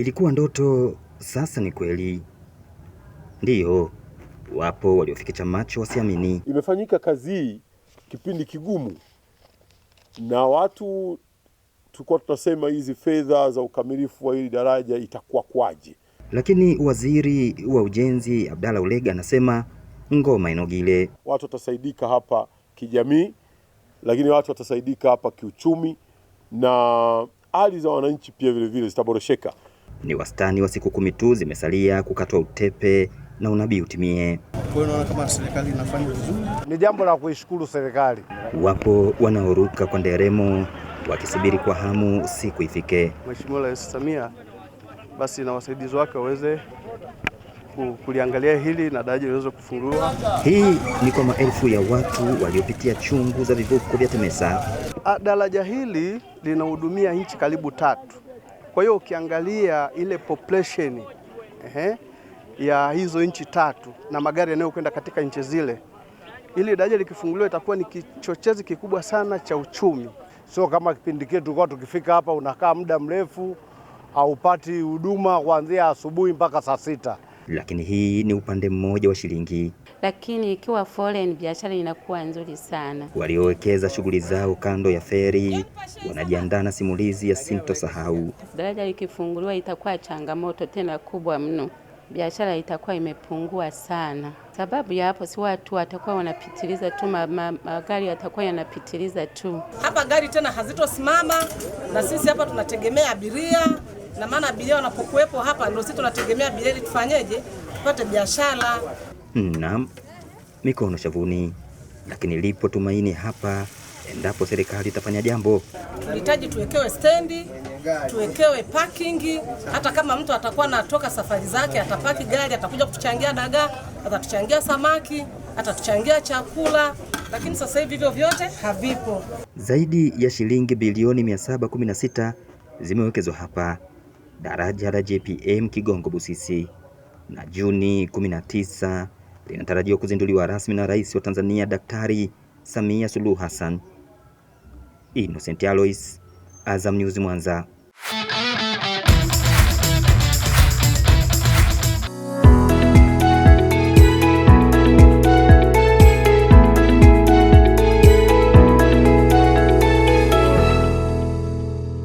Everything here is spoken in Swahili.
Ilikuwa ndoto sasa ni kweli. Ndiyo, wapo waliofikisha macho wasiamini. Imefanyika kazi hii kipindi kigumu, na watu tulikuwa tunasema hizi fedha za ukamilifu wa hili daraja itakuwa kwaje, lakini waziri wa ujenzi Abdalla Ulega anasema ngoma inogile, watu watasaidika hapa kijamii, lakini watu watasaidika hapa kiuchumi, na hali za wananchi pia vilevile zitaboresheka. Ni wastani wa siku kumi tu zimesalia kukatwa utepe na unabii utimie. ni jambo la kuishukuru serikali. Wapo wanaoruka kwa nderemo wakisubiri kwa hamu siku ifike. Mheshimiwa Rais Samia basi na wasaidizi wake waweze kuliangalia hili na daraja liweze kufunguliwa. Hii ni kwa maelfu ya watu waliopitia chungu za vivuko vya Temesa. Ah, daraja hili linahudumia nchi karibu tatu kwa hiyo ukiangalia ile population eh, ya hizo nchi tatu na magari yanayokwenda katika nchi zile, ili daraja likifunguliwa itakuwa ni kichochezi kikubwa sana cha uchumi. Sio kama kipindi kile tulikuwa tukifika hapa unakaa muda mrefu haupati huduma kuanzia asubuhi mpaka saa sita lakini hii ni upande mmoja wa shilingi. Lakini ikiwa foreign biashara inakuwa nzuri sana. Waliowekeza shughuli zao kando ya feri wanajiandaa na simulizi ya sintosahau. Daraja likifunguliwa itakuwa changamoto tena kubwa mno, biashara itakuwa imepungua sana. Sababu ya hapo si watu watakuwa wanapitiliza tu, magari yatakuwa yanapitiliza tu. Hapa gari tena hazitosimama, na sisi hapa tunategemea abiria na maana abiria wanapokuwepo hapa ndio sisi tunategemea abiria ili tufanyeje, tupate biashara. Hmm, naam, mikono shavuni, lakini lipo tumaini hapa endapo serikali itafanya jambo. Tunahitaji tuwekewe stendi, tuwekewe parking. Hata kama mtu atakuwa anatoka safari zake atapaki gari, atakuja kutuchangia dagaa, atatuchangia samaki, atatuchangia chakula, lakini sasa hivi hivyo vyote havipo. Zaidi ya shilingi bilioni 716 zimewekezwa hapa daraja la JPM Kigongo Busisi, na Juni 19 linatarajiwa kuzinduliwa rasmi na Rais wa Tanzania Daktari Samia Suluhu Hassan. Innocent Alois, Azam News Mwanza.